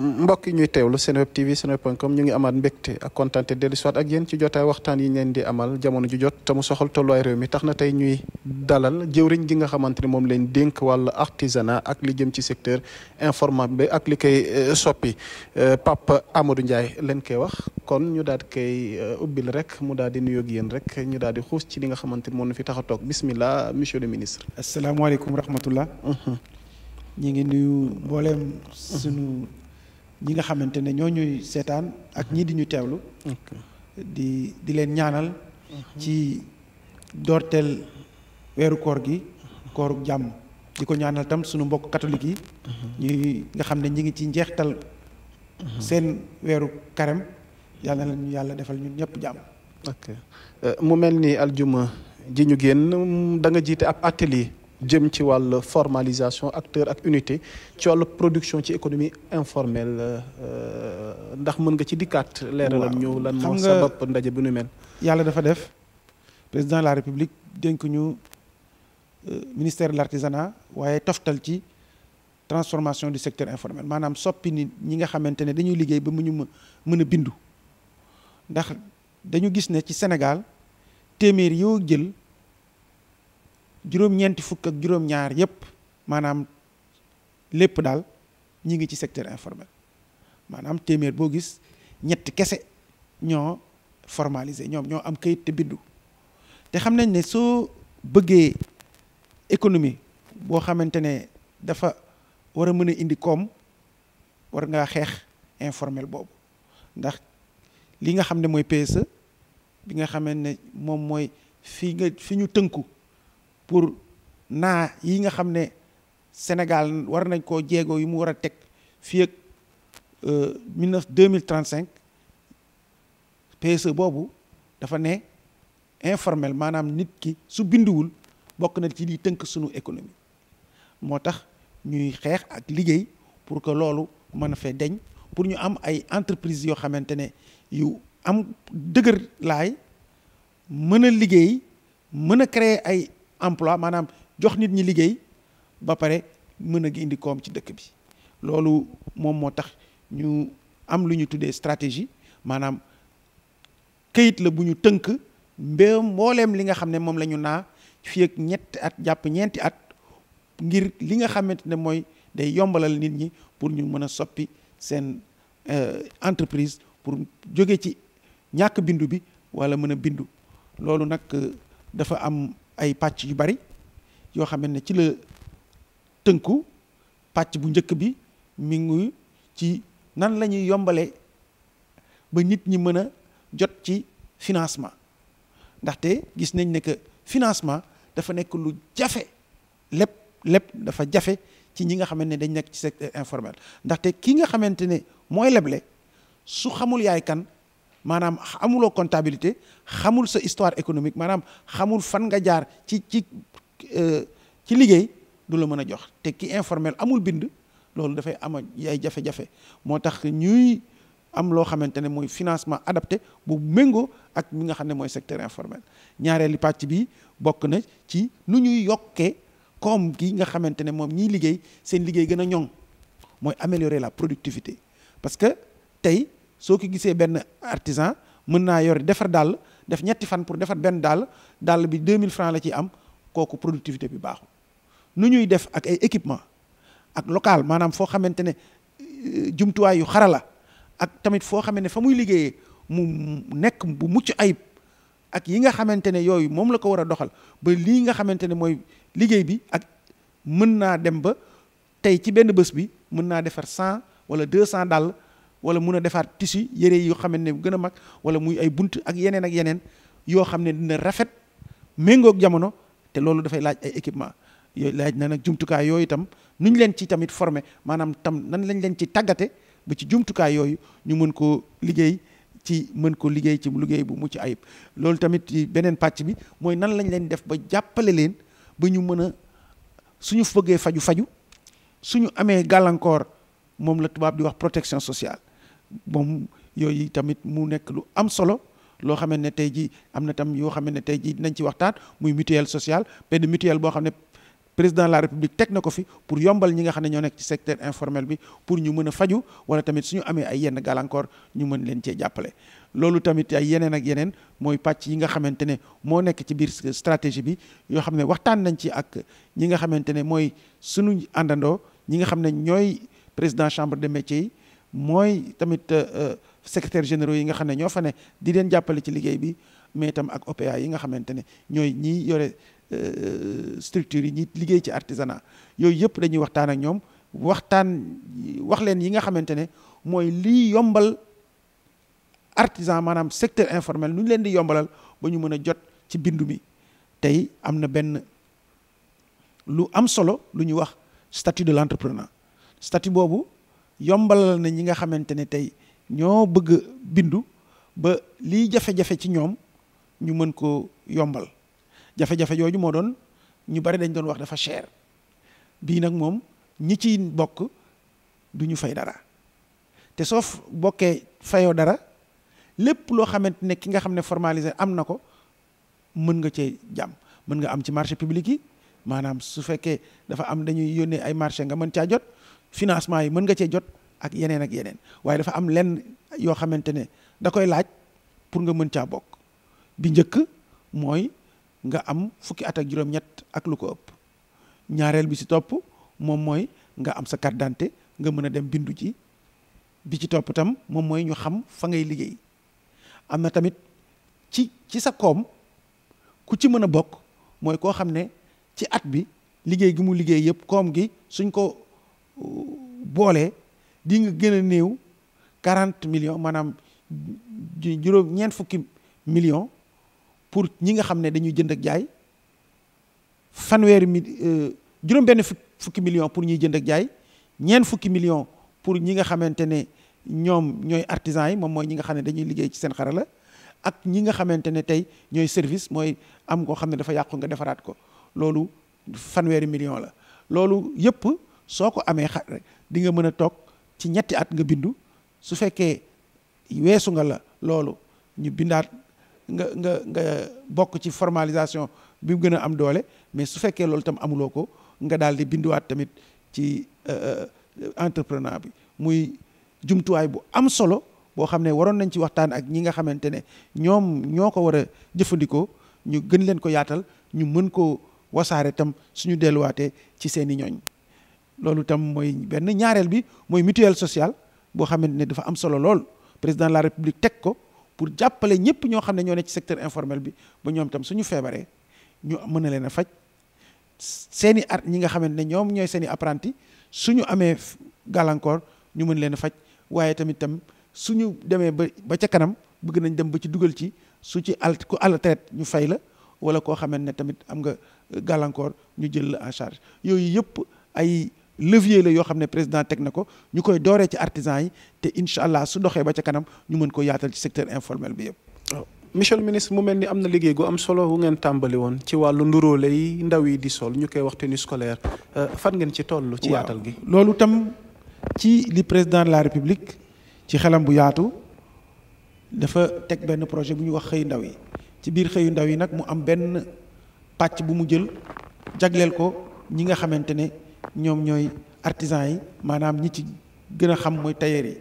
mbokk yi ñuy teewlu Seneweb TV comme ñu ngi amaat mbégte ak kontaante dellu si waat ak yéen ci jotaay waxtaan yi leen di amal jamono ji jot te mu soxal tolluwaay réew mi tax na tey ñuy dalal jëwriñ gi nga xamante ne moom leen dénk wàllu artisanat ak li jëm ci secteur informat bi ak li koy euh, soppi euh, Pape Amadou Ndiaye leen koy wax kon ñu daal di koy euh, ubbil rek mu daal di nuyoog yéen rek ñu daal di xuus ci li nga xamante ni moom fi tax a toog bismillah monsieur le ministre. asalaamaaleykum rahmatullah ñu ngi nuyu mboolem ñi nga xamante ne ñoo ñuy seetaan ak ñii di ñu teewlu. di di leen ñaanal. ci doorteel weeru koor gi. kooru jàmm di ko ñaanal tam suñu mbokk katolik yi. ñuy nga xam ne ñi ngi ci njeextal. seen weeru karem yàlla na ñu yàlla defal ñun ñëpp jàmm. ok euh, mu mel ni aljuma ji ñu génn danga nga jiite ab atelier. jëm ci wàll formalisation acteur ak unité ci wàllu production ci économie informelle euh, ndax mën nga ci dikkaat leeralal ñëw lan moo sabab ndaje bu ñu mel yàlla dafa def président la république dénk ñu euh, ministère de l'artisanat waaye toftal ci transformation du secteur informel maanaam soppi ni ñi nga xamante ne dañuy liggéey ba mu ñu mën a bindu ndax dañu gis ne ci Sénégal téeméer yoo jël juróom-ñeenti fukk ak juróom-ñaar yëpp maanaam lépp daal ñi ngi ci secteur informel maanaam téeméer boo gis ñetti kese ñoo formalisé ñoom ñoo am kayit te bindu te xam nañ ne soo bëggee économie boo xamante ne dafa war a mën a indi koom war ngaa xeex informel boobu ndax li nga xam ne mooy PSE bi nga xamante ne moom mooy fi nga fi ñu tënku pour naa yi nga xam ne Sénégal war nañ koo jéego yi mu war a teg fii ak euh, mille neuf deux mille trente cinq PSE boobu dafa ne informel maanaam nit ki su binduwul bokk na ci lii tënk sunu économie moo tax ñuy xeex ak liggéey pour que loolu mën a fee deñ pour ñu am ay entreprise yoo xamante ne yu am dëgër laay mën a liggéey mën a créer ay emploi maanaam jox nit ñi liggéey ba pare mën a indi koom ci dëkk bi loolu moom moo tax ñu am lu ñu tuddee stratégie maanaam këyit la bu ñu tënk mbéyam mbooleem li nga xam ne moom la ñu naa fii ñetti at jàpp ñeenti at ngir li nga xamante ne mooy day yombalal nit ñi pour ñu mën a soppi seen euh, entreprise pour jóge ci ñàkk bindu bi wala mën a bindu loolu nag euh, dafa am ay pàcc yu bari yoo xam ne ci la tënku pàcc bu njëkk bi mi ngi ci nan la ñuy yombale ba nit ñi mën a jot ci financement ndaxte gis nañ ne que financement dafa nekk lu jafe lépp lépp dafa jafe ci ñi nga xamante ne dañ nekk ci secteur informel ndaxte ki nga xamante ne mooy leble su xamul yaay kan maanaam amuloo comptabilité xamul sa histoire économique maanaam xamul fan nga jaar ci ci euh, ci liggéey du la mën a jox te ki informel amul bind loolu dafay am ay jafe-jafe moo tax ñuy am loo xamante ne mooy financement adapté bu méngoo ak mi nga xam ne mooy secteur informel ñaareeli pàcc bi bokk na ci lu ñuy yokkee koom gi nga xamante ne moom ñiy liggéey seen liggéey gën a ñoŋ mooy améliorer la productivité parce que tey soo ko gisee benn artisan mën naa yore defar dàll def ñetti fan pour defar benn dàll dàll bi mille francs la ciy am kooku productivité bi baaxul nu ñuy def ak ay équipement ak local maanaam foo xamante ne euh, jumtuwaay yu xarala ak tamit foo xamante ne fa muy liggéeyee mu nekk bu mucc ayib ak yi nga xamante ne yooyu moom la ko war a doxal ba lii nga xamante ne mooy liggéey bi ak mën naa dem ba tey ci benn bés bi mën naa defar cent wala deux cent dàll wala mun a defaat tissu yére yoo xamante ne gën a mag wala muy ay bunt ak yeneen ak yeneen yoo xam ne dina rafet méngoog jamono te loolu dafay laaj ay équipement yooyu laaj na nag jumtukaay yooyu itam nuñ leen ci tamit formé maanaam tam nan lañ leen ci tàggate bu ci jumtukaay yooyu ñu mën koo liggéey ci mën ko liggéey ci liggéey bu mucc ayib loolu tamit beneen pàcc bi mooy nan lañ leen def ba jàppale leen ba ñu mën a suñu fogee faju faju suñu amee gàllankoor moom la tubaab di wax protection sociale moom yooyu tamit mu nekk lu am solo loo xam ne tey jii am na tam yoo xam ne tey jii dinañ ci waxtaan muy mutuel social benn mutuelle boo xam ne président de la république teg na ko fi pour yombal ñi nga xam ne ñoo nekk ci secteur informel bi pour ñu mën a faju wala tamit suñu amee ay yenn gàllankoor ñu mën leen cee jàppale loolu tamit ay yeneen ak yeneen mooy pàcc yi nga xamante ne moo nekk ci biir stratégie bi yoo xam ne waxtaan nañ ci ak ñi nga xamante ne mooy suñu àndandoo ñi nga xam ne ñooy président chambre de métiers yi mooy tamit euh, euh, secrétaire généraux yi nga xam ne ñoo fa ne di leen jàppale ci liggéey bi mais itam ak OPA yi nga xamante ne ñooy ñiy yore euh, structures yi ñi liggéey ci artisanat yooyu yëpp dañuy waxtaan ñoom waxtaan wax leen yi nga xamante ne mooy lii yombal artisan maanaam secteur informel nu ñu leen di yombalal ba ñu mën a jot ci bindu mi tey am na benn lu am solo lu ñuy wax statut de l'entrepreneur statut boobu yombalal na ñi nga xamante ne tey ñoo bëgg bindu ba lii jafe-jafe ci ñoom ñu mën koo yombal jafe-jafe jooju moo doon ñu bari dañ doon wax dafa cher bii nag moom ñi ci bokk du ñu fay dara te soo bokkee fayoo dara lépp loo xamante ne ki nga xam ne formalisé am na ko mën nga cee jàmm mën nga am ci marché public yi maanaam su fekkee dafa am dañuy yónnee ay marché nga mën caa jot financement yi mën nga cee jot ak yeneen ak yeneen waaye dafa am lenn yoo xamante ne da koy laaj pour nga mën caa bokk bi njëkk mooy nga am fukki at ak juróom-ñett ak lu ko ëpp ñaareel bi si topp moom mooy nga am sa carte d'identité nga mën a dem bindu ji bi ci topp tam moom mooy ñu xam fa ngay liggéey am na tamit ci ci sa koom ku ci mën a bokk mooy koo xam ne ci at bi liggéey gi mu liggéey yëpp koom gi suñ ko boole di nga gën a néew quarante millions maanaam juróom ñeent fukki million pour ñi nga xam ne dañuy jënd ak jaay fanweeri mi euh, juróom benn fukki millions pour ñuy jënd ak jaay ñeent fukki million pour ñi nga xamante ne ñoom ñooy artisans yi moom mooy ñi nga xam ne dañuy liggéey ci seen xarala ak ñi nga xamante ne tey ñooy service mooy am koo xam ne dafa yàqu nga defaraat ko loolu fanweeri million la loolu yëpp soo ko amee xa di nga mën a toog ci ñetti at nga bindu su fekkee weesu nga la loolu ñu bindaat nga nga nga bokk ci formalisation bi mu gën a am doole mais su fekkee loolu tam amuloo ko nga daal di binduwaat tamit ci euh, euh, entrepreneur bi muy jumtuwaay bu am solo boo xam ne waroon nañ ci waxtaan ak ñi nga xamante ne ñoom ñoo ko war a jëfandikoo ñu gën leen ko yaatal ñu mën koo wasaare tam suñu delluwaatee ci seeni ñooñ loolu itam mooy benn ñaareel bi mooy mutuelle sociale boo xamante ne dafa am solo lool président de la république teg ko pour jàppale ñëpp ñoo xam ne ñoo ne ci secteur informel bi ba ñoom itam suñu feebaree ñu mën a leen a faj seen i at ñi nga xamante ne ñoom ñooy seen i apprenti suñu amee gàllankoor ñu mën leen a faj waaye tamit tam su ñu demee ba ba ca kanam bëgg nañ dem ba ci dugal ci su ci alt ku àll ñu fay la wala koo xamante ne tamit am nga gàllankoor ñu jël la en charge yooyu yëpp ay levier la yoo xam ne président teg na ko ñu koy dooree ci artisan yi te incha allah su doxee ba ca kanam ñu mën ko yaatal ci secteur informel bi yëpp. Oh, monsieur le ministre mu mel ni am na liggéey gu am solo wu ngeen tàmbali woon ci wàllu nduróole yi ndaw yi di sol ñu koy wax tenue scolaire euh, fan ngeen ci toll. ci yaatal gi loolu tam ci li président la république ci xelam bu yaatu dafa teg benn projet bu ñuy wax xëy ndaw yi ci biir xëyu ndaw yi nag mu am benn pàcc bu mu jël jagleel ko ñi nga xamante ne. ñoom ñooy artisans yi maanaam ñi ci gën a xam mooy tailleur yi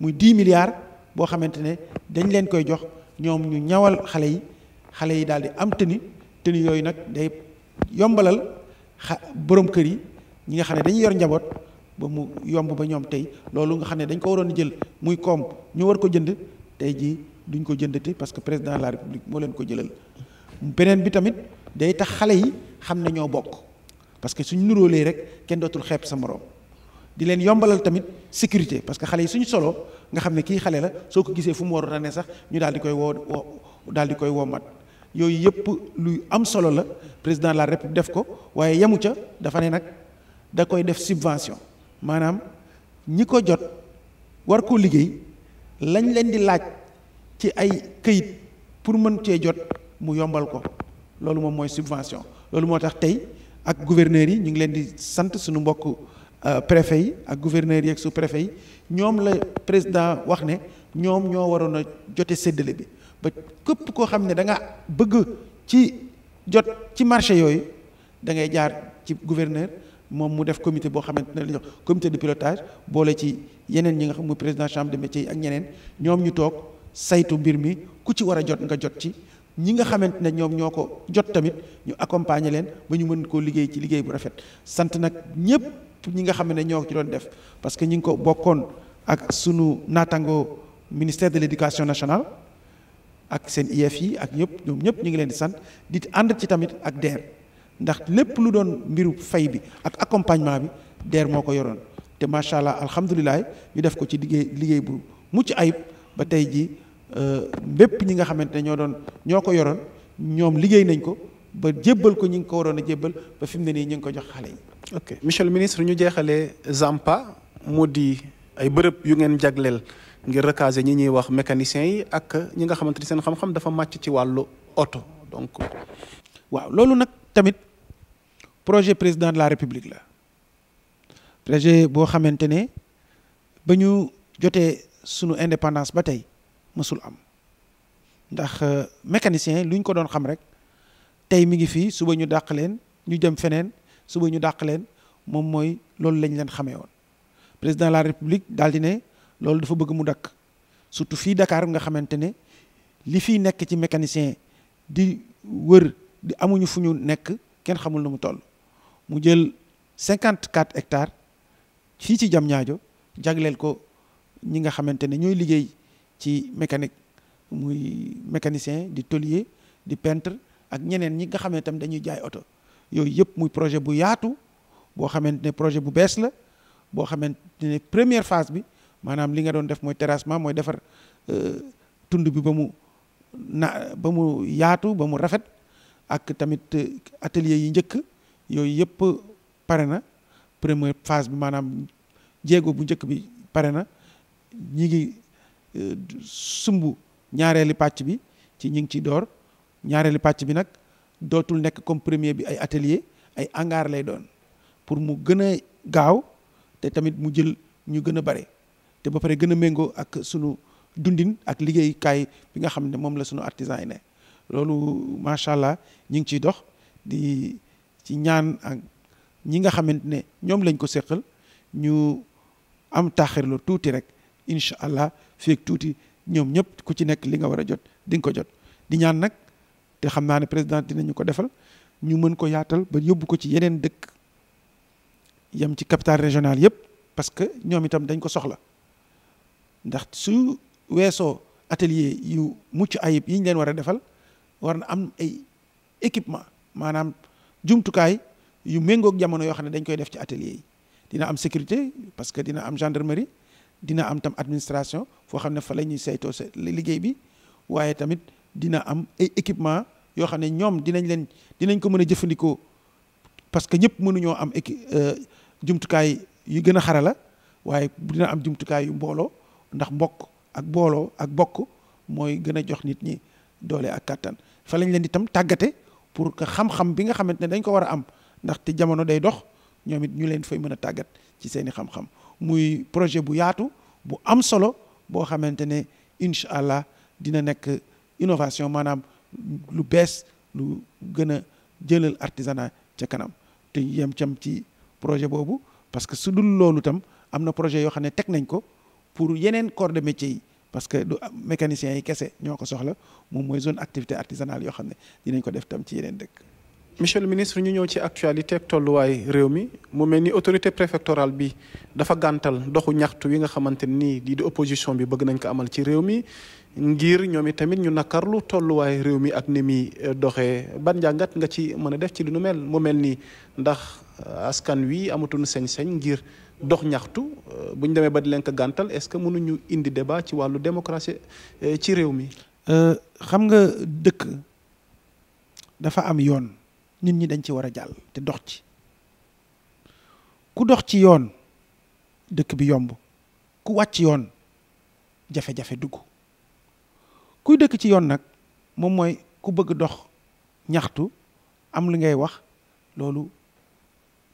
muy 10 milliards boo xamante ne dañ leen koy jox ñoom ñu ñawal xale yi xale yi daal di am tenue tenue yooyu nag day yombalal xa borom kër yi ñi nga xam ne dañuy yor njaboot ba mu yomb ba ñoom tey loolu nga xam ne dañ ko waroon jël muy koom ñu war ko jënd tey jii duñ ko jëndati parce que président de la république moo leen ko jëlal beneen bi tamit day tax xale yi xam ne ñoo bokk. parce que suñ nuróolee rek kenn dootul xeeb sa morom di leen yombalal tamit sécurité parce que xale yi suñu solo nga xam ne kii xale la soo ko gisee fu mu warut a ne sax ñu daal di koy woo woo daal di koy woomat yooyu yëpp luy am solo la président de la république def ko waaye yemu ca dafa ne nag da koy def subvention maanaam ñi ko jot war koo liggéey lañ leen di laaj ci ay këyit pour mën cee jot mu yombal ko loolu moom mooy subvention loolu moo tax tey. ak gouverneurs yi ñu ngi leen di sant suñu mbokk euh, préfet yi ak gouverneurs yi ak sous préfet yi ñoom la président wax ne ñoom ñoo waroon a jote séddale bi ba képp koo xam ne da nga bëgg ci jot ci marché yooyu da ngay jaar ci gouverneur moom mu def comité boo xamante ne la jox comité de pilotage boole ci yeneen ñi nga xam muy président chambre de métier yi ak ñeneen ñoom ñu toog saytu mbir mi ku ci war a jot nga jot ci ñi nga xamante ne ñoom ñoo ko jot tamit ñu accompagner leen ba ñu mën koo liggéey ci liggéey bu rafet sant nag ñëpp ñi nga xam ne ñoo ko ci doon def parce que ñi ngi ko bokkoon ak sunu naataango ministère de l'éducation nationale ak seen IEF yi ak ñëpp ñoom ñëpp ñu ngi leen di sant di ànd ci tamit ak DER ndax lépp lu doon mbiru fay bi ak accompagnement bi DER moo ko yoroon te macha allah alhamdulilah ñu def ko ci liggéey liggéey bu mucc ayib ba tey ji Euh, bépp ñi nga xamante ne ñoo doon ñoo ko yoroon ñoom liggéey nañ ko ba jébbal ko ñi ngi ko waroon a jébbal ba fi mu ne nii ñu ngi ko jox xale yi. ok monsieur le ministre ñu jeexalee Zampa moo di ay bërëb yu ngeen jagleel ngir recaser ñi ñuy wax mécaniciens yi ak ñi nga xamante ni seen xam-xam dafa màcc ci wàllu oto donc. waaw loolu nag tamit projet président de la république la projet boo xamante ne ba ñu jotee sunu indépendance ba tey. mësul am ndax euh, mécanicien lu ñu ko doon xam rek tey mi ngi fii suba ñu dàq leen ñu jëm feneen suba ñu dàq leen moom mooy loolu lañ leen xamee woon président de la république daal di ne loolu dafa bëgg mu dakk surtout fii Dakar nga xamante ne li fii nekk ci mécanicien di wër di amuñu fu ñu nekk kenn xamul nu mu toll mu jël cinquante quatre hectares fii ci Diamniadio jagleel ko ñi nga xamante ne ñooy liggéey ci mécanique muy mécanicien di tôlier di pentre ak ñeneen ñi nga xam ne dañuy jaay oto yooyu yëpp muy projet bu yaatu boo xamante ne projet bu bees la boo xamante ne première phase bi maanaam li nga doon def mooy terrassement mooy defar euh, tund bi ba mu na ba mu yaatu ba mu rafet ak tamit euh, atelier yi njëkk yooyu yëpp pare na première phase bi maanaam jéego bu njëkk bi pare na ngi sumb ñaareeli pàcc bi ci ñu ngi ciy door ñaareeli pàcc bi nag dootul nekk comme premier bi ay atelier ay hangar lay doon pour mu gën a gaaw te tamit mu jël ñu gën a bare te ba pare gën a méngoo ak sunu dundin ak liggéeyukaay bi nga xam ne moom la sunu artisan yi ne loolu macha allah ñu ngi ciy dox di ci ñaan ak ñi nga xamante ne ñoom lañ ko seqal ñu am taaxirlu tuuti rek. incha allah feeg tuuti ñoom ñëpp ku ci nekk li nga war a jot di nga ko jot di ñaan nag te xam naa ne président dinañu ko defal ñu mën ko yaatal ba yóbbu ko ci yeneen dëkk yam ci capital régional yëpp parce que ñoom itam dañ ko soxla ndax su weesoo atelier yu mucc ayib yiñ leen war a defal war na am ay équipement maanaam jumtukaay yu méngoog jamono yoo xam ne dañ koy def ci atelier yi dina am sécurité parce que dina am gendarmerie dina am tam administration foo xam ne fa la ñuy saytoo sa liggéey bi waaye tamit dina am ay équipement yoo xam ne ñoom dinañ leen dinañ ko mën a jëfandikoo parce que ñëpp mënuñoo am équi euh, jumtukaay yu gën a xarala waaye dina am jumtukaay yu mbooloo ndax mbokk ak mbooloo ak mbokk mooy gën a jox nit ñi doole ak kàttan fa lañ leen di tam tàggate pour que xam-xam bi nga xamante ne dañ ko war a am ndaxte jamono day dox ñoom it ñu leen fay mën a tàggat ci seeni xam-xam muy projet bu yaatu bu am solo boo xamante ne incha allah dina nekk innovation maanaam lu bees lu gën a jëlal artisanat ca kanam te yem cam ci projet boobu parce que su dul loolu tam am na projet yoo xam ne teg nañ ko pour yeneen corps de métier yi parce que du ah, mécaniciens yi kese ñoo ko soxla moom mooy zone activité artisanale yoo xam ne dinañ ko def tam ci yeneen dëkk monsieur le ministre ñëw ci actualité tolluwaay réew mi mu mel ni autorité préfectorale bi dafa gàntal doxu ñaxtu wi nga xamante nii di di opposition bi bëgg nañ ko amal ci réew mi ngir ñoom itamit ñu nakarlu tolluwaay réew mi ak ni muy eh, doxee ban njàngat nga ci mën a def ci lu mel mu mel ni ndax eh, askan wi amatuñu sañ-sañ ngir dox ñaxtu eh, bu ñu demee ba di leen ko gàntal ce que mënuñu indi débat ci wàllu démocratie ci réew mi. xam nga dëkk dafa am yoon. nit ñi dañ ci war a jàll te dox ci ku dox ci yoon dëkk bi yomb ku wàcc yoon jafe-jafe dugg kuy dëkk ci yoon nag moom mooy ku bëgg dox ñaxtu am li ngay wax loolu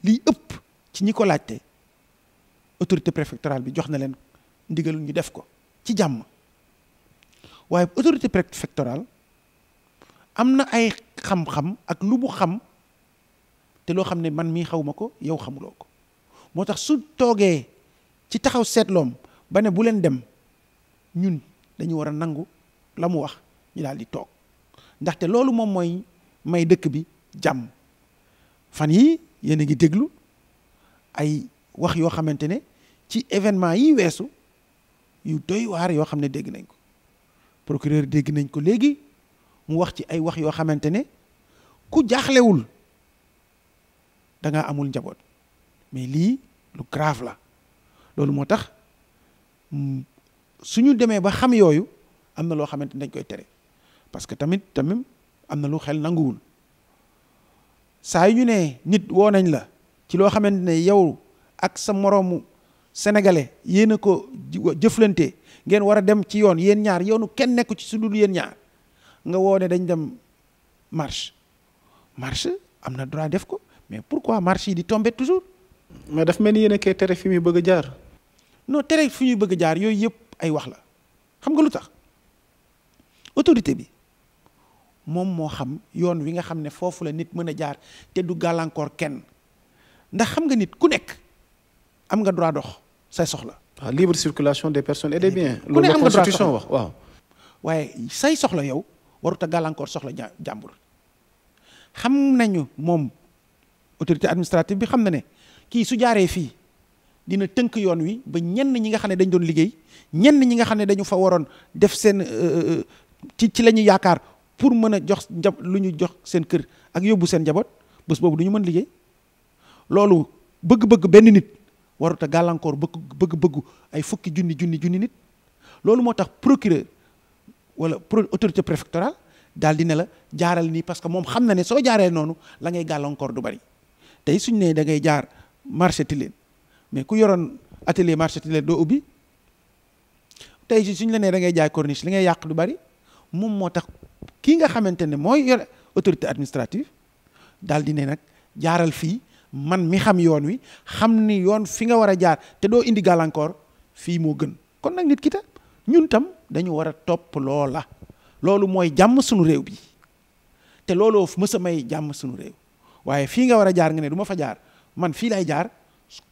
liy ëpp ci ñi ko laajte autorité préfectorale bi jox na leen ndigal ñu def ko ci jàmm waaye autorité préfectorale am na ay xam-xam ak lu bu xam te loo xam ne man mii xaw ma ko yow xamuloo ko moo tax su toogee ci taxaw seetloom ba ne bu leen dem ñun dañu war a nangu la mu wax ñu daal di toog ndaxte loolu moom mooy may dëkk bi jàmm fan yi yéen a ngi déglu ay wax yoo xamante ne ci événement yi weesu yu doy waar yoo xam ne dégg nañ ko procureur dégg nañ ko léegi mu wax ci ay wax yoo xamante ne ku jaaxlewul danga amul njaboot mais lii lu grave la loolu moo tax suñu demee ba xam yooyu am na loo xamante ne dañ koy tere parce que tamit tamit am na lu xel nanguwul saa yu ñu ne nit woo nañ la ci loo xamante ne yow ak sa moroomu senegale yéen a ko jëflante ngeen war a dem ci yoon yéen ñaar yoonu kenn nekku ci su dul yéen ñaar nga woone dañ dem marche marche am na droit def ko mais pourquoi marche yi di tomber toujours. mais daf mel ni yéen a tere fi muy bëgg a jaar. non tere fi ñuy bëgg a jaar yooyu yëpp ay wax la xam nga lu tax autorité bi moom moo xam yoon wi nga xam ne foofu la nit mën a jaar te du gàllankoor kenn ndax xam nga nit ku nekk am nga droit dox say soxla. Ah, libre circulation des personnes et des bien ku ne am nga droit loolu la constitution wax waaw. waaye say soxla yow warut a gàllankoor soxla jàmbur xam nañu moom autorité administrative bi xam na ne kii su jaaree fii dina tënk yoon wi ba ñenn ñi nga xam ne dañ doon liggéey ñenn ñi nga xam ne dañu fa waroon def seen euh, euh, euh, ci ci la ñu yaakaar pour mën a jox njab lu ñu jox seen kër ak yóbbu seen njaboot bés boobu du ñu mën liggéey loolu bëgg-bëgg benn nit warut a gàllankoor bëgg bëgg-bëggu ay fukki junni junni junni nit loolu moo tax procureur wala pro autorité préfectorale dal di ne la jaaral nii parce que moom xam na ne soo jaaree noonu la ngay gàllankoor du bari tey suñ ne da ngay jaar marché Tilène mais ku yoroon atelier marché Tilène doo ubbi tey suñ la nee da ngay jaay corniche li ngay yàq du bari moom moo tax kii nga xamante ne mooy yore autorité administrative daal di ne nag jaaral fii man mi xam yoon wi xam ni yoon fi nga war a jaar te doo indi gàllankoor fii moo gën kon nag nit ki ñun tam. dañu war a topp loola loolu mooy jàmm sunu réew bi te looloo mës a may jàmm sunu réew waaye fii nga war a jaar nga ne du ma fa jaar man fii lay jaar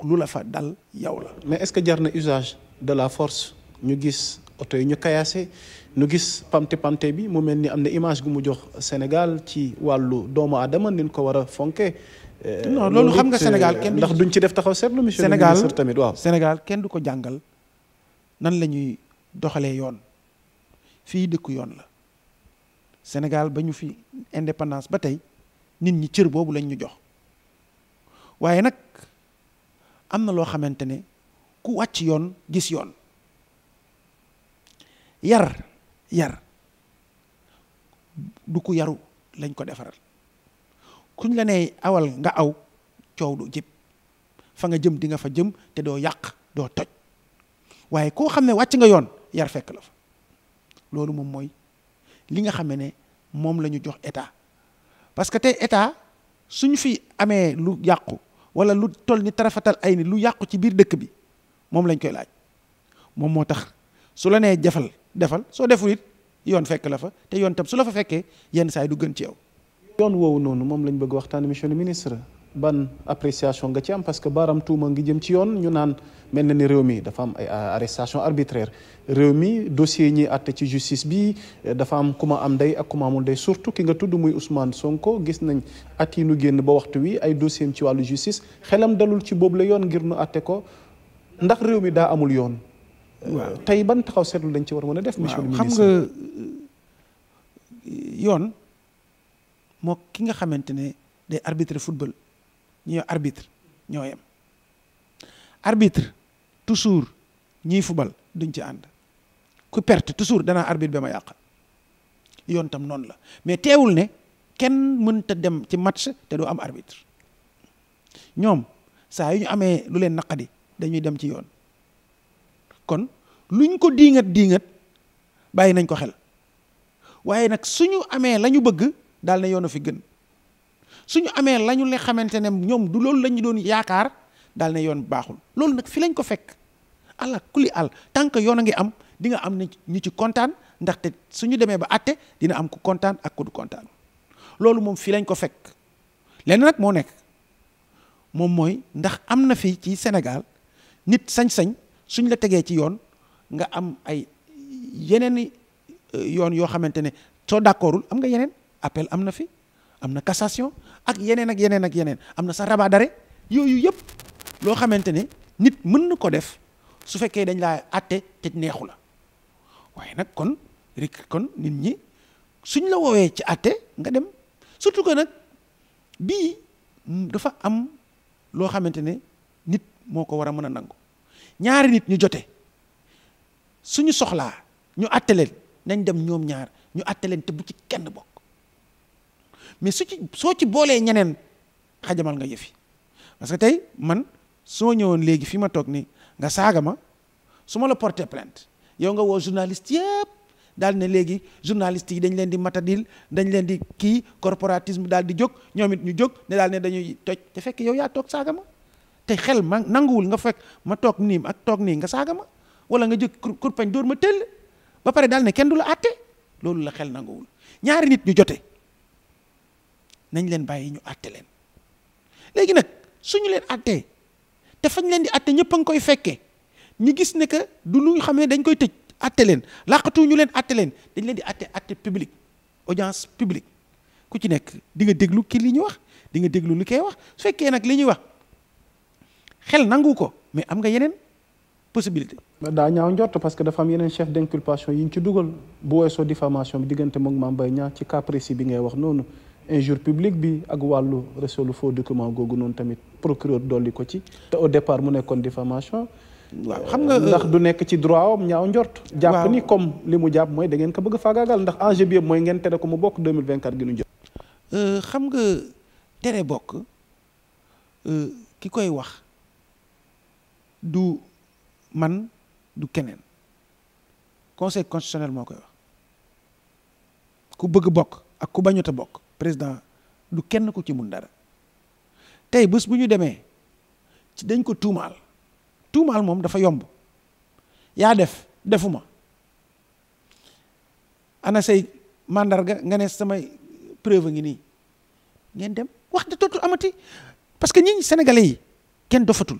lu la fa dal yow la. mais est-ce que jaar na usage de la force ñu gis oto yi ñu kayaase nu gis pamte pamte bi mu mel ni am na image gu mu jox Sénégal ci wàllu doomu aadama ni ñu ko war a fonke euh, non loolu xam nga Sénégal kenn ndax duñ ci def taxaw seetlu monsieur le ministre tamit waaw Sénégal kenn du ko jàngal nan la ñuy doxalee yoon. fii dëkku yoon la Sénégal ba ñu fi indépendance ba tey nit ñi cër boobu lañ ñu jox waaye nag am na loo xamante ne ku wàcc yoon gis yoon yar yar du ku yaru lañ ko defaral kuñ la nee awal nga aw coow du jib fa nga jëm dinga fa jëm te doo yàq doo toj waaye koo xam ne wàcc nga yoon yar fekk la fa loolu moom mooy li nga xamee ne moom la ñu jox état parce que tey état ñu fi amee lu yàqu wala lu toll ni tarafatal ay ni lu yàqu ci biir dëkk bi moom lañ koy laaj moom moo tax su la nee jafal defal soo deful it yoon fekk la fa te yoon tam su la fa fekkee yenn saa yi du gën ci yow. yoon woowu noonu moom lañ bëgg waxtaan monsieur le ministre. ban appréciation nga ci am parce que baaram tuuma ngi jëm ci yoon ñu naan mel na ni réew mi dafa am ay arrestation arbitraire réew mi dossier ñi àtte ci justice bi dafa am ku ma am day ak ku ma amul day surtout ki nga tudd muy Ousmane Sonko gis nañ at yi nu génn ba waxtu wi ay dossier am ci wàllu justice xelam dalul ci boobu la yoon ngir nu àtte ko ndax réew mi daa amul yoon. waaw tey ban taxaw seetlu dañ ci war mën a def. monsieur le ministre xam euh, yoon moo ki nga xamante ne day arbitre football. ñooy arbitre ñoo yem arbitre toujours ñiy fubal duñ ci ànd ku perte toujours danaa arbitre ba ma yàq yoon tam noonu la mais teewul ne kenn mënta dem ci match te du am arbitre ñoom saa yu ñu amee lu leen naqadi dañuy dem ci yoon kon luñ ko diingat diingat bàyyi nañ ko xel waaye nag suñu amee la ñu bëgg daal ne yoon a fi gën su ñu amee la ñu le xamante ne ñoom du loolu lañu ñu doon yaakaar daal ne yoon baaxul loolu nag fi lañ ko fekk allah kulli àll tant que yoon a ngi am di nga am na ñu ci kontaan su ñu demee ba àtte dina am ku kontaan ak ku du kontaan loolu moom fii lañ ko fekk lenn nag moo nekk moom mooy ndax am na fii ci Sénégal nit sañ-sañ suñ la tegee ci yoon nga am ay yeneen euh, yoon yoo xamante ne soo d'accordul am nga yeneen appel am na fi am na cassation ak yeneen ak yeneen ak yeneen am na sa rabat d'arrêt yooyu yëpp loo xamante ne nit mën na ko def su fekkee dañ laa àtte te neexu la waaye nag kon rek kon nit ñi suñ la woowee ci àtte nga dem surtout que nag bii dafa am loo xamante ne nit moo ko war a mën a nangu ñaari nit ñu jote suñu soxlaa ñu àtte leen nañ dem ñoom ñaar ñu àtte leen te bu ci kenn bokk mais su ci soo ci boolee ñeneen xajamal nga yëfi parce que tey man soo ñëwoon léegi fii ma toog nii nga saaga ma su ma la porté plainte yow nga woo journaliste yëpp daal ne léegi journaliste yi dañ leen di matadil dañ leen di kii corporatisme daal di jóg ñoomit ñu jóg ne daal ne dañuy toj te fekk yow yaa toog saaga ma te xel ma nanguwul nga fekk ma toog nii ak toog nii nga saaga ma wala nga jóg kurpañ dóor ma tëll ba pare daal ne kenn du la àtte loolu la xel nanguwul ñaari nit ñu jote nañ leen bàyyi ñu àtte leen léegi nag suñu leen àttee te fañ leen di àtte ñëpp a ngi koy fekkee ñu gis ne que du lu xam dañ koy tëj àtte leen làqatu ñu leen àtte leen dañ leen di àtte àtte publique audience publique ku ci nekk di nga déglu ki li ñu wax di nga déglu li koy wax fekkee nag li ñuy wax xel nangu ko mais am nga yeneen possibilité. daa ñaaw njort parce que dafa am yeneen chef d'inculpation yi ñu ci dugal bu weesoo diffamation bi diggante moom Mame Mbaye Niang ci cas bi ngay wax noonu. injure publique bi ak wàllu résolu faux document googu noonu tamit procureur dolli ko ci te au départ mu nekkoon diffamation waaw xam nga euh, ndax du nekk ci droit am ñaaw njort jàpp ni comme li mu jàpp mooy da ngeen ko bëgg a faagaagal ndax enjeu bi yëpp mooy ngeen tere ko mu bokk 2024 gi nu jot euh, xam nga tere bokk euh, ki koy wax du man du keneen conseil constitutionnel moo koy wax ku bëgg bokk ak ku bañut a bokk président du kenn ku ci mun dara tey bés bu ñu demee ci dañ ko tuumaal tuumaal moom dafa yomb yaa def defuma ana say màndarga nga ne samay preuve ngi nii ngeen dem wax da dootul amati parce que ñi sénégalais yi kenn dofatul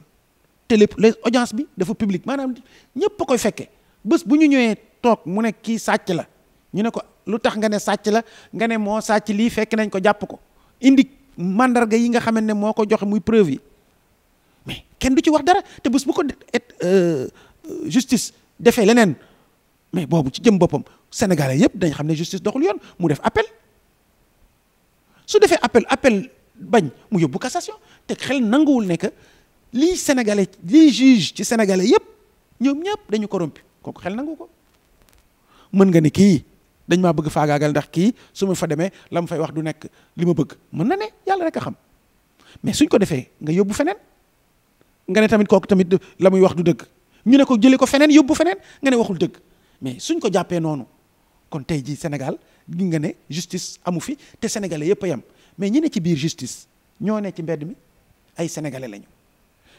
te lépp les audience bi dafa public maanaam ñëpp koy fekke bés bu ñu ñëwee toog mu ne kii sàcc la ñu ne ko lu tax nga ne sàcc la nga ne moo sàcc lii fekk nañ ko jàpp ko indi mandarga yi nga xamante ne moo ko joxe muy preuve yi mais kenn du ci wax dara te bés bu ko euh, justice defee leneen mais boobu ci jëm boppam sénégalais yëpp dañ xam ne justice doxul yoon mu def appel su defee appel appel bañ mu yóbbu cassation te xel nanguwul ne que lii sénégalais lii juge ci sénégalais yëpp ñoom ñëpp dañu corrompu kooku xel nangu ko mën nga ne kii dañ maa bëgg faagaagal ndax kii su ma fa demee la mu fay wax du nekk li ma bëgg mën na ne yàlla rek a xam mais suñ ko defee nga yóbbu feneen nga ne tamit kooku tamit la muy wax du dëgg ñu ne ko jëlee ko feneen yóbbu feneen nga ne waxul dëgg mais suñ ko jàppee noonu kon tey jii Sénégal gi nga ne justice amu fi te sénégalais yëpp a yem mais ñi ne ci biir justice ñoo ne ci mbedd mi ay sénégalais lañu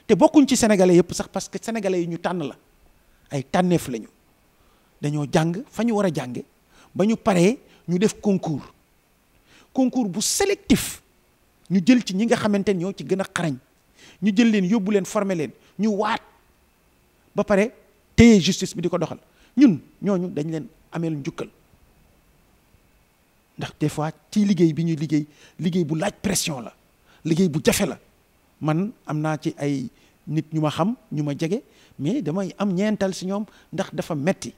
te bokkuñ ci sénégalais yëpp sax parce que sénégalais yi ñu tànn la ay tànneef lañu dañoo jàng fa ñu war a jànge ba ñu paree ñu def concours concours bu sélectif ñu jël ci ñi nga xamante ni ñoo ci gën a xarañ ñu jël leen yóbbu leen former leen ñu waat ba pare téye justice bi di ko doxal ñun ñooñu dañ leen ameel njukkal ndax des fois ci liggéey bi ñuy liggéey liggéey bu laaj pression la liggéey bu jafe la man am naa ci ay nit ñu ma xam ñu ma jege mais damay am ñeental si ñoom ndax dafa metti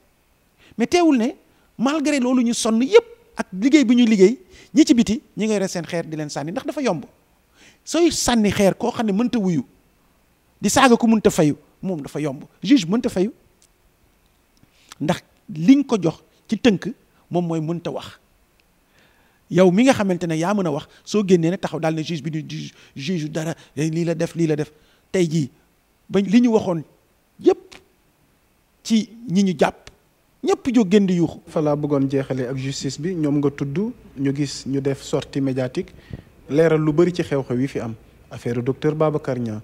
mais ne malgre loolu ñu sonn yëpp ak liggéey bi ñuy liggéey ñi ci biti ñi ngay re seen xeer di leen sànni ndax dafa yomb sooy sànni xeer koo xam ne mënta wuyu di saaga ko mënta fayu moom dafa yomb juge mënta fayu ndax li ko jox ci tënk moom mooy mënta wax yow mi nga xamante ne yaa mën a wax soo génnee ne taxaw daal ne juge bi du juge dara eh, lii la def lii la def tey jii ba li ñu waxoon yépp ci ñi ñu jàpp ñëpp jóg gën di yuuxu fa laa bëggoon jeexale ak justice bi ñoom nga tudd ñu gis ñu def sortie médiatique leeral lu bëri ci xew-xew yi fi am affaire docteur Babacar Niang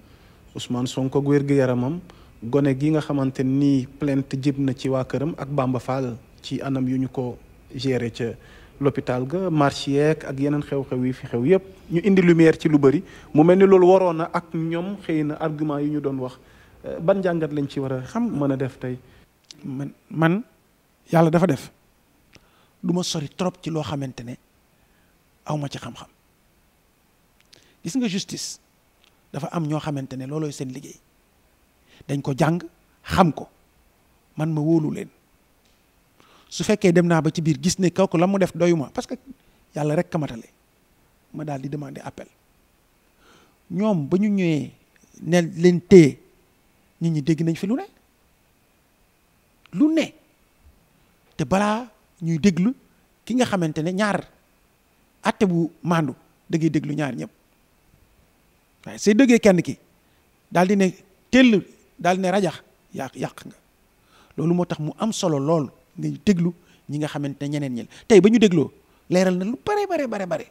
Ousmane Sonko ak wér-gu-yaramam gone gi nga xamante ni plainte jib na ci waa këram ak Bamba fal ci anam yu ñu ko géré ca l'hôpital ga marché yeeg ak yeneen xew-xew yi fi xew yëpp ñu indi lumière ci lu bëri mu mel ni loolu waroon na ak ñoom xëy na argument yi ñu doon wax euh, ban jàngat lañ ci war a xam mën a def tey. man yàlla dafa def du ma sori trop ci loo xamante ne awma ci xam-xam gis nga justice dafa am ñoo xamante ne loolooy seen liggéey dañ ko jàng xam ko man ma wóolu leen su fekkee dem naa ba ci biir gis ne kaw ko la mu def doyuma parce que yàlla rek kamatale ma daal di demande appel ñoom ba ñu ñëwee ne leen téye nit ñi dégg nañ fi lu ne lu ne te balaa ñuy déglu ki nga xamante ne ñaar atte bu maandu da ngay déglu ñaar ñëpp waaye see dëggee kenn ki daal di ne tell daal di ne rajax yàq yàq nga loolu moo tax mu am solo lool ngay déglu ñi nga xamante ne ñeneen ñi tey ba ñu dégloo leeral na lu bare bare bare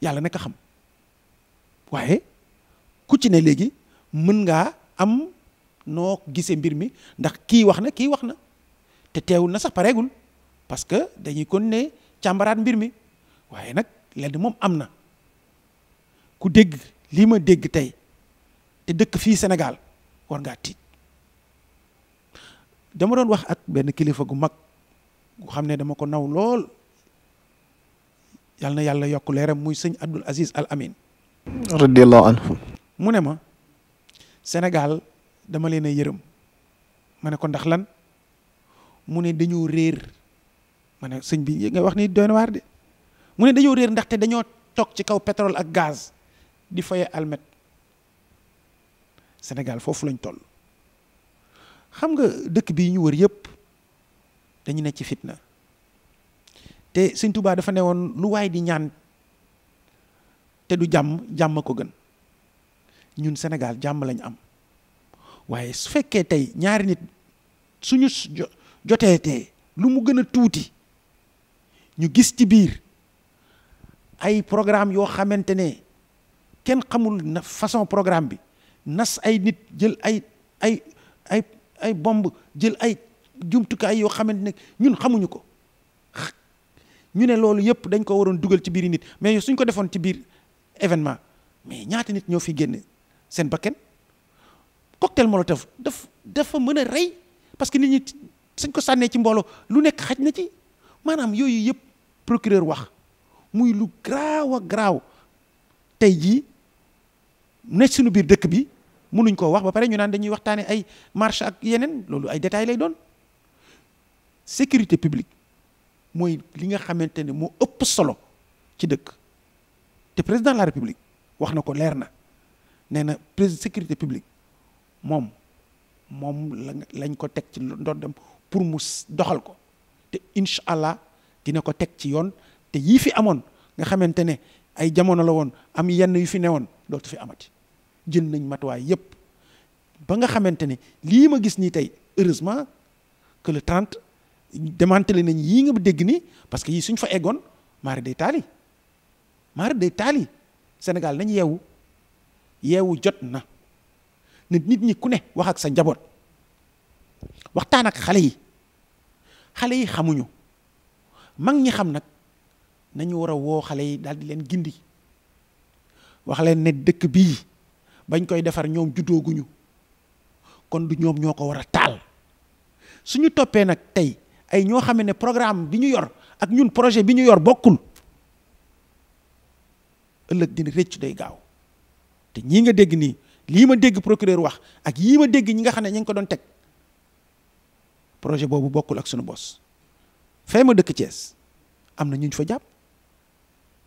yàlla yàlla a xam waaye ku ci léegi mën ngaa am noo gisee mbir mi ndax kii wax na kii wax na te teewul na sax pareegul parce que dañuy kon ne càmbaraat mbir mi waaye nag lenn moom am na ku dégg lii ma dégg tey te dëkk fii senegal war ngaa tiit dama doon wax ak benn kilifa gu mag gu xam ne dama ko naw lool yal na yàlla yokk leeram muy sëñ Abdul Aziz Al Amin radiyallahu mu ne ma senegal dama leen a yërëm ma ne ko ndax lan mu ne dañoo réer ma ne sëñ bi nga wax ni doy na de mu ne dañoo réer ndaxte dañoo toog ci kaw pétrole ak gaz di faye almet Sénégal foofu lañ toll xam nga dëkk bii ñu wër yëpp dañu ne ci fitna te sëñ tubaa dafa ne woon lu waaye di ñaan te du jàmm jàmm ko gën ñun Sénégal jàmm lañ am waaye su fekkee tey ñaari nit suñu joteetee lu mu gën a tuuti ñu gis ci biir ay programme yoo xamante ne kenn xamul na façon programme bi nas ay nit jël ay ay ay bomb jël ay jumtukaay yoo xamante ne ñun xamuñu ko ñu ne loolu yëpp dañ ko waroon dugal ci biir nit mais suñ ko defoon ci biir événement mais ñaata nit ñoo fi génn seen bakken cocktail molotov daf dafa mën a rey parce nit ñi suñ ko sànnee ci mbooloo lu nekk xaj na ci maanaam yooyu yëpp procureur wax muy lu graaw a graaw tey jii nekk suñu biir dëkk bi mënuñ koo wax ba pare ñu naan dañuy waxtaane ay marche ak yeneen loolu ay détails lay doon sécurité publique mooy li nga xamante ne moo ëpp solo ci dëkk te président de la république wax na ko leer na nee na président sécurité publique moom moom lañ ko teg ci ndoddam pour mu doxal ko te incha allah dina ko teg ci yoon te yii fi amoon nga xamante ne ay jamono la woon am yenn yu fi newoon dootu fi amati jën nañ matuwaay yépp ba nga xamante ne lii ma gis nii tey heureusement que le 30 démantelé nañ yii nga dégg nii parce que yii suñ fa eggoon maari day taali maari day taali Sénégal nañ yeewu yeewu jot na nit nit ñi ku ne wax ak sa njaboot waxtaan ak xale yi xale yi xamuñu mag ñi xam nag nañu war a woo xale yi daal di leen gindi wax leen ne dëkk bii bañ koy defar ñoom juddooguñu kon du ñoom ñoo ko war a taal suñu toppee nag tey ay ñoo xam ne programme bi ñu yor ak ñun projet bi ñu yor bokkul ëllëg dina rëccu day gaaw te ñii nga dégg nii lii ma dégg procureur wax ak yii ma dégg ñi nga xam ne ña ngi ko doon teg projet boobu bokkul ak sunu bos fee ma dëkk Thiès am na ñu fa jàpp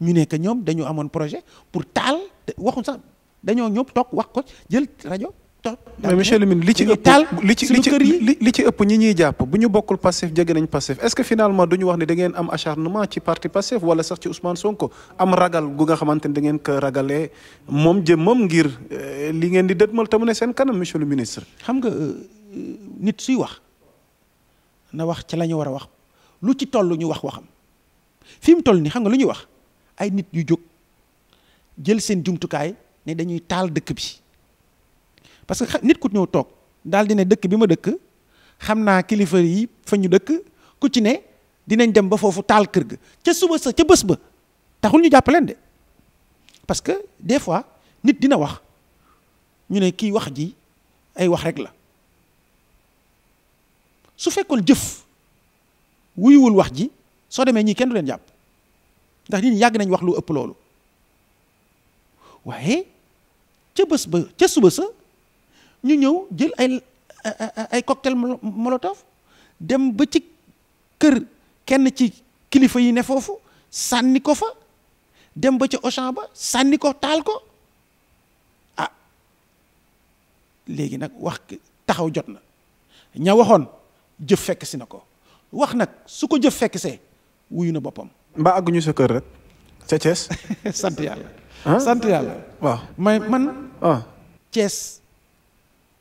ñu ne que ñoom dañu amoon projet pour taal waxuñ sax dañoo ñëpp toog wax ko jël rajo toog. mais monsieur le ministre li ci ëpp li ci li li ci ëpp ñi ñuy jàpp bu ñu bokkul Pastef jege nañ Pastef est-ce que finalement du ñu wax ne da ngeen am acharnement ci parti Pastef wala sax ci Ousmane ragal gu nga xamante ne da ko ragalee moom jëmmam ngir euh, li ngeen di dëtmal te mu ne seen kanam monsieur le ministre. xam nga euh, euh, nit suy wax. na wax ca la ñu war a wax lu ci toll ñu wax waxam fi mu toll nii xam nga lu ñuy wax ay nit yu jóg jël seen jumtukaay ne dañuy taal dëkk bi parce que nit ku ñëw toog daal di ne dëkk bi ma dëkk xam naa kilifa yi fa ñu dëkk ku ci ne dinañ dem ba foofu taal kër ga ca suba sa ca bés ba taxul ñu jàppaleen de parce que des fois nit dina wax ñu ne kii wax ji ay wax rek la su fekkoon jëf wuyuwul wax ji soo demee ñii kenn du leen jàpp ndax nit ñi yàgg nañ wax lu ëpp loolu waaye ca bés ba ca suba sa ñu ñëw jël ay ay cocktail molotov dem ba ci kër kenn ci kilifa yi ne foofu sànni ko fa dem ba ca Auchan ba sànni ko taal ko ah léegi nag wax taxaw jot na ña waxoon jëf fekk si na ko wax nag su ko jëf fekk see wuyu na boppam. mbaa àgguñu sa kër rek. ca Thiès. sant yàlla. sant yàlla. waaw may man. ah Thiès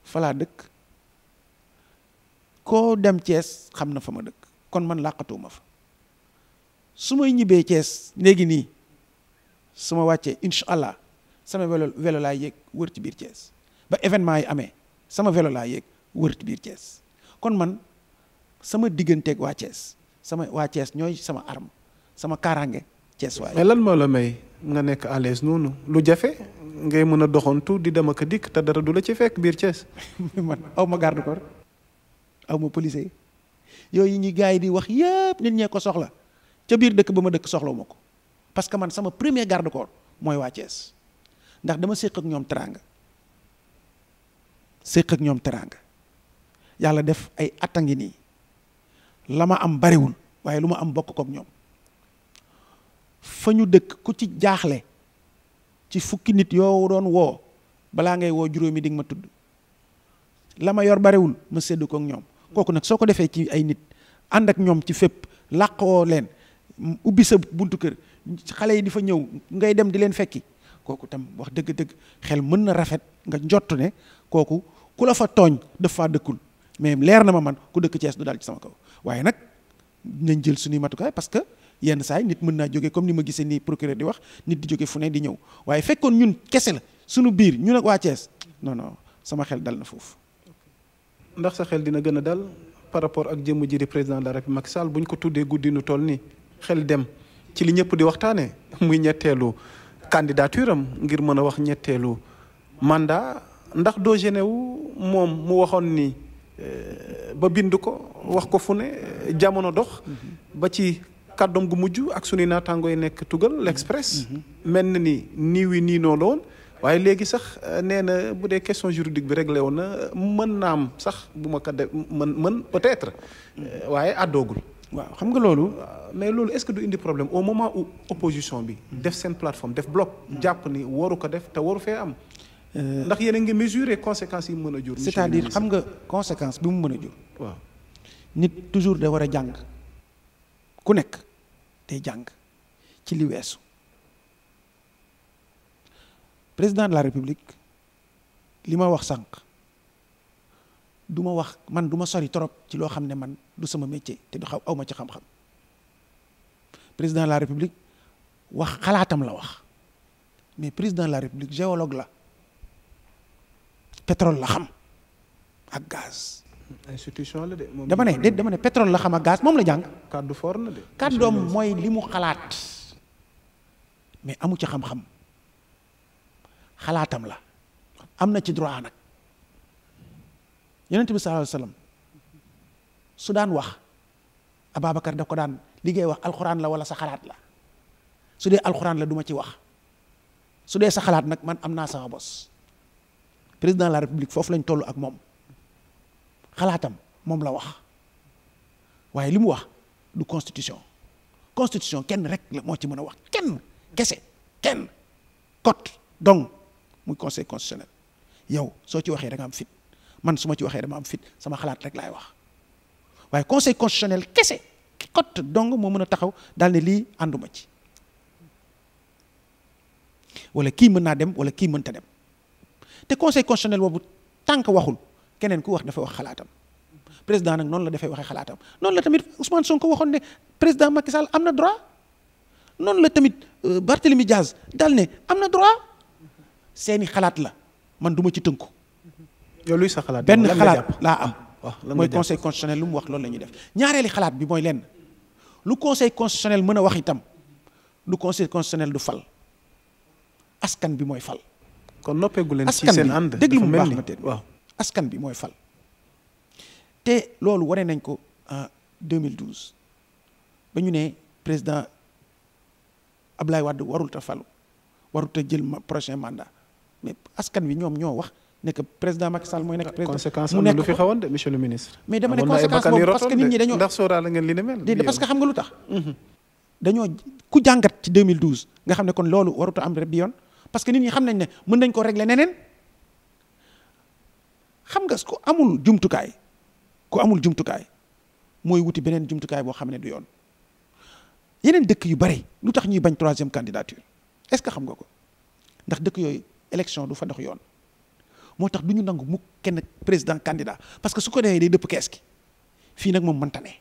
fa laa dëkk koo dem Thiès xam na fa ma dëkk kon man làqatuuma fa su may ñibbee Thiès léegi nii su ma wàccee incha allah sama welo welo laa yéeg wër ci biir Thiès ba événement yi amee sama welo laa yéeg wër biir Thiès kon man. sama digganteeg waa Thiès sama waa Thiès ñooy sama arm sama kaaraange Thiès waaye. mais lan moo la may nga nekk à l'aise noonu lu jafe ngay mën a doxantu di dem ak dikk te dara du la ci fekk biir Thiès. man aw ma garde corps aw ma policier yooyu ñi gars yi di wax yëpp nit ñee ko soxla ca biir dëkk ba ma dëkk soxlawu ma ko parce que man sama premier garde corps mooy waa Thiès ndax dama séq ak ñoom teraanga séq ak ñoom teraanga yàlla def ay at a ngi nii la ma am bariwul waaye lu ma am bokk kook ñoom fa ñu dëkk ku ci jaaxle ci fukki nit yoo doon woo balaa ngay woo juróomi di nga ma tudd la ma yor bariwul ma sédd kook ñoom kooku nag soo ko defee ci ay nit ànd ak ñoom ci fépp làqoo leen ubbi sa buntu kër xale yi di fa ñëw ngay dem di leen fekki kooku tam wax dëgg-dëgg xel mën na rafet nga njott ne kooku ku la fa tooñ daf faa dëkkul mais leer na ma man ku dëkk Thiès du daal ci sama kaw waaye nag nañ jël suñuy matukaay parce que yenn saa nit mën naa jóge comme ni ma gisee ni procureur di wax nit di jóge fu ne di ñëw waaye fekkoon ñun kese la suñu biir ñun ak waa Thiès non sama xel dal na foofu. ndax sa xel dina gën a dal par rapport ak jëmm ji di président de rek République Macky bu ñu ko tuddee guddi nu toll nii xel dem ci li ñëpp di waxtaanee muy ñetteelu candidature am ngir mën a wax ñetteelu mandat ndax doo génne wu moom mu waxoon ni. ba bind ko wax ko fu ne jamono dox ba ci kàddoom gu mujj ak suñuy naataangoo yi nekk tugal l'Express mel na ni niiw yi nii noonu waaye léegi sax eh, nee na bu dee question juridique bi réglé woon na mën naam sax bu ma ko def mën mën peut-être eh, waaye àddoogul waaw xam nga loolu mais loolu est-ce que du indi problème au moment où opposition bi def seen plateforme def bloc jàpp ni waru ko def te waru fee am Euh, ndax yéen a ngi mesurer conséquence yi mu mën a jur. cest à xam nga conséquence bi mu mën a jur. waaw nit toujours da war a jàng ku nekk day jàng ci li weesu président de la république li ma wax sànq duma wax man duma sori trop ci loo xam ne man du sama métier te du xaw aw ma ci xam-xam président de la république wax xalaatam la wax mais président de la république géologue la. pétrole la xam ak gaz. institution la moom dama ne déet dama ne pétrole la xam ak gas moom la jàng. kàddu foor na de. kàddoom mooy li mu xalaat mais amu ci xam-xam xalaatam la am na ci droit nag yonent bi sallallahu su daan wax Ababacar daf ko daan liggéey wax alxuraan la wala sa xalaat la su dee alxuraan la duma ci wax su dee sa xalaat nag man am naa sama bos. président la république foofu lañu toll ak moom xalaatam moom la wax waaye li mu wax du constitution constitution kenn rek moo ci mën a wax kenn kese kenn code donc muy conseil constitutionnel yow soo ci waxee da nga am fit man su ma ci waxee damaa am fit sama xalaat rek laay wax waaye conseil constitutionnel kese code donc moo mën a taxaw dal ne lii ànduma ci wala kii mën naa dem wala kii mënta dem te conseil constitutionnel boobu tant que waxul keneen ku wax dafa wax xalaatam président nag noonu la defee waxee xalaatam noonu la tamit soo ko waxoon ne président Macky Sall am na droit noonu la tamit euh, Barthélemy Diaz daal ne am na droit seeni xalaat la man du ma ci tënku. yow luy sa benn xalaat laa am. mooy conseil constitutionnel lu mu wax loolu la ñuy def ñaareeli xalaat bi mooy lenn lu conseil constitutionnel mën a wax itam lu conseil constitutionnel du fal askan bi mooy fal. kon noppeegu leen ci seen ànd déglu baax ma te askan bi mooy fal te loolu waree nañ ko en 2012 ba ñu ne président Ablaye Wade warul ta falu warul ta jël prochain mandat mais askan bi ñoom ñoo wax ne président Macky Sall mooy nekk président mu nekk lu fi xawoon de monsieur le ministre. mais dama ne conséquence boobu parce que nit ñi dañoo ndax sóoraale ngeen li ne mel. déedéet parce que xam nga lu tax. dañoo ku jàngat ci nga xam ne kon loolu warut am rek yoon. parce que nit ñi xam nañ ne mën nañ ko régler neneen xam nga ko amul jumtukaay ku amul jumtukaay mooy wuti beneen jumtukaay boo xam ne du yoon yeneen dëkk yu bari lu tax ñuy bañ troisième candidature est-ce que xam nga ko ndax dëkk yooyu élection du fa dox yoon moo tax du ñu nangu mukk kenn président candidat parce que su ko dee day dëpp kees gi fii nag moom mënta ne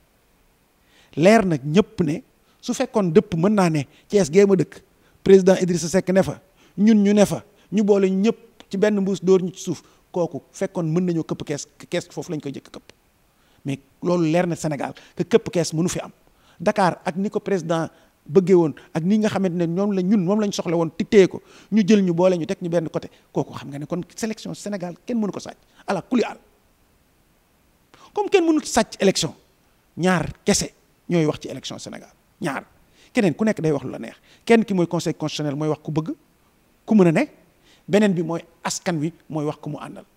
leer nag ñëpp ne su fekkoon dëpp mën naa ne Thiès gee ma dëkk président Idrissa Seck ne fa ñun ñu ne fa ñu boole ñëpp ci benn mbuus dóor ñu ci suuf kooku fekkoon mën nañoo këpp kees kees foofu lañ koy jëkk këpp mais loolu leer na Sénégal que këpp kees mënu fi am dakaar ak ni ko président bëggee woon ak ni nga xamante ne ñoom la ñun moom la soxla woon ti ko ñu jël ñu boole ñu teg ñu benn côté kooku xam nga ne kon sélection Sénégal kenn mënu ko sàcc ala kuli al comme kenn mënu sàcc élection ñaar kese ñooy wax ci élection Sénégal ñaar keneen ku nekk day wax lu la neex kenn ki mooy conseil constitutionnel mooy wax ku ku mën a ne beneen bi mooy askan wi mooy wax ku mu àndal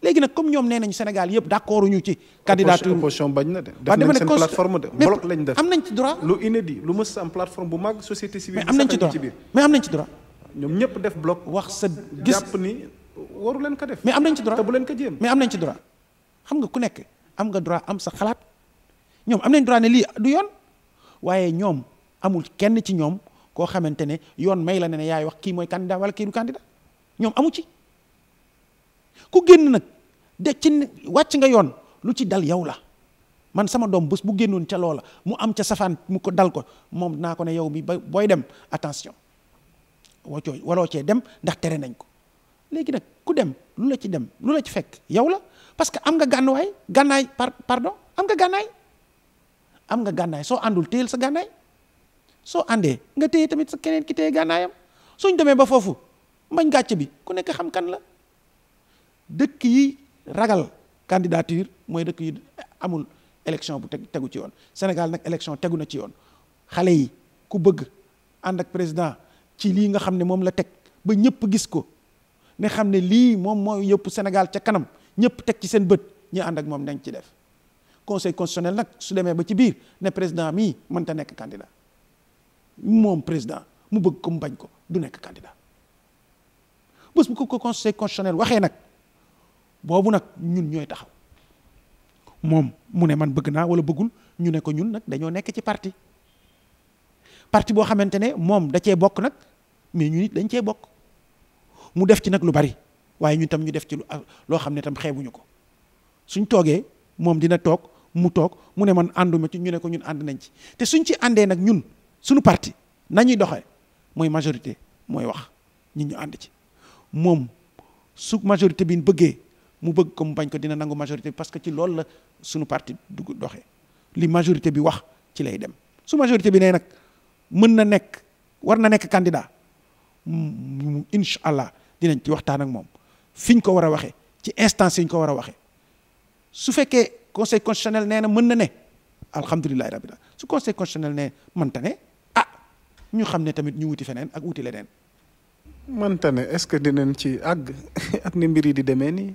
léegi na comme ñoom nee nañu Sénégal yëpp d'accord ñu ci. candidature opposition bañ na def nañ seen plateforme de bloc lañ def am nañ ci droit. lu inédit lu mës am plateforme bu mag société civile. mais am nañ ci droit mais am ñoom ñëpp def bloc. wax sa gis jàpp ni waru leen ko def. mais am nañ ci droit bu leen ko jéem. mais am nañ ci droit xam nga ku nekk am nga droit am sa xalaat ñoom am nañ droit ne lii du yoon waaye ñoom amul kenn ci ñoom. koo xamante ne yoon may la ne yaay wax kii mooy candidat wala kii du candidat ñoom amu ci ku génn nag de ci wàcc nga yoon lu ci dal yow la man sama doom bés bu génnoon ca loola mu am ca safaan mu ko dal ko moom naa ko ne yow mi ba booy dem attention woo coo cee dem ndax tere nañ ko léegi nag ku dem lu la ci dem lu la ci fekk yow la parce que am nga gànnuwaay gànnaay par pardon am nga gànnaay am nga gànnaay soo àndul téel sa gànnaay soo àndee nga téye tamit sa keneen ki téye gànnaayam suñ demee ba foofu mbañ gàcce bi ku nekk xam kan la dëkk yi ragal candidature mooy dëkk yi amul élection bu tegu ci yoon Sénégal nag élection tegu na ci yoon xale yi ku bëgg ànd ak président ci lii nga xam ne moom la teg ba ñëpp gis ko ne xam ne lii moom mooy yëpp Sénégal ca kanam ñëpp teg ci seen bët ñu ànd ak moom nañ ci def conseil constitutionnel nag su demee ba ci biir ne président mii mënta nekk candidat moom président mu bëgg ko mu bañ ko du nekk candidat bés bu ko ko conseil constitutionnel waxee nag boobu nag ñun ñooy taxaw moom mu ne man bëgg naa wala bëggul ñu ne ko ñun nag dañoo nekk ci parti parti boo xamante ne moom da cee bokk nag mais ñu it dañ cee bokk mu def ci nag lu bari waaye ñun tam ñu def ci lu loo xam ne tam xeebuñu ko suñ toogee moom dina toog mu toog mu ne man ànduma ñu ne ko ñun ànd nañ ci te suñ ci àndee nag ñun suñu parti nañuy doxee mooy majorité mooy wax ñun ñu ànd ci moom su majorité bi bëggee mu bëgg ko mu bañ ko dina nangu majorité bi parce que ci loolu la suñu parti du doxe li majorité bi wax ci lay dem su majorité bi nee nag mën na nekk war na nekk candidat incha allah dinañ ci waxtaan ak moom fiñ ko war a waxee ci instance yi ko war a waxee su fekkee conseil constitutionnel nee na mën na ne alhamdulilahi rabbil su conseil constitutionnel nee mënta ne ñu xam ne tamit ñu wuti feneen ak wuti leneen. mënta ne est-ce que dinañ ci àgg ak ni mbir yi di demee nii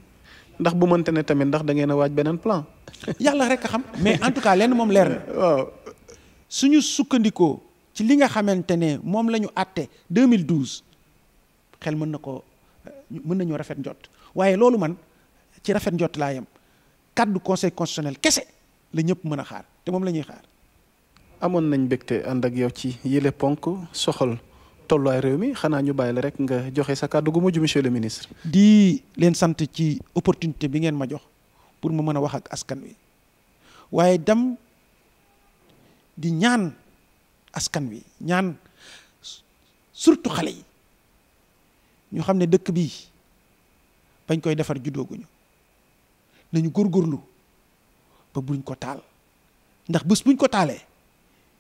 ndax bu mënta ne tamit ndax da ngeen a waaj beneen plan. yàlla rek a xam mais en leen moom leer na. suñu sukkandikoo ci li nga xamante ne moom la ñu àtte 2012 xel mën na ko mën nañoo rafet njott waaye loolu man ci rafet njott laa yem kaddu conseil constitutionnel kese la ñëpp mën a xaar te moom la ñuy xaar. amoon nañ mbégte ànd ak yow ci yile ponk soxal tolluwaay réew mi xanaa ñu bàyyi la rek nga joxe sa kàddu gu mujj monsieur le ministre. di leen sant ci opportunité bi ngeen ma jox pour ma mën a wax ak askan wi waaye dam di ñaan askan wi ñaan surtout xale yi ñu xam ne dëkk bii bañ koy defar juddooguñu nañu góorgóorlu ba buñ ko taal ndax bés buñ ko taalee.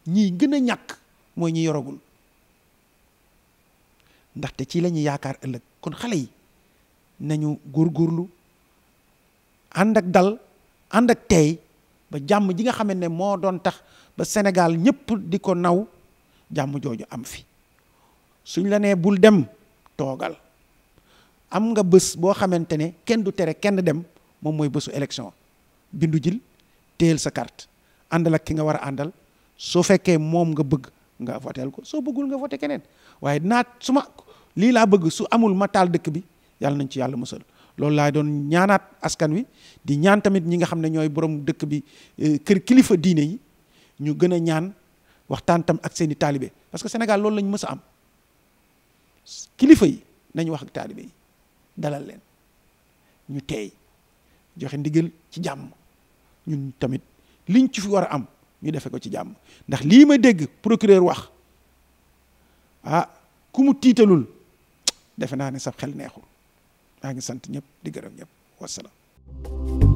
ñii gën a ñàkk mooy ñi yoragul ndaxte ci lañuy yaakaar ëllëg kon xale yi nañu góorgóorlu ànd ak dal ànd ak teey ba jàmm ji nga xamante ne moo doon tax ba Sénégal ñëpp di ko naw jàmm jooju am fi suñ la nee bul dem toogal am nga bës boo xamante ne kenn du tere kenn dem moom mooy bésu élection bindu jil téyel sa kart àndal ak ki nga war a àndal soo fekkee moom nga bëgg nga voteel ko soo bëggul nga voté keneen waaye naat su ma lii laa bëgg su amul ma taal dëkk bi yàlla nañ ci yàlla musal loolu laa doon ñaanaat askan wi di ñaan tamit ñi nga xam ne ñooy borom dëkk bi eh, kër kilifa diine yi ñu gën a ñaan waxtaan tam ak seeni i taalibe parce que Sénégal loolu lañ mës am kilifa yi nañ wax ak taalibe yi dalal leen ñu teey joxe ndigal ci jàmm ñun tamit liñ ci fi war a am ñu defe ko ci jàmm ndax lii ma dégg procureur wax ah ku mu tiitalul defe naa ni sax xel neexul maa ngi sant ñëpp di gërëm ñëpp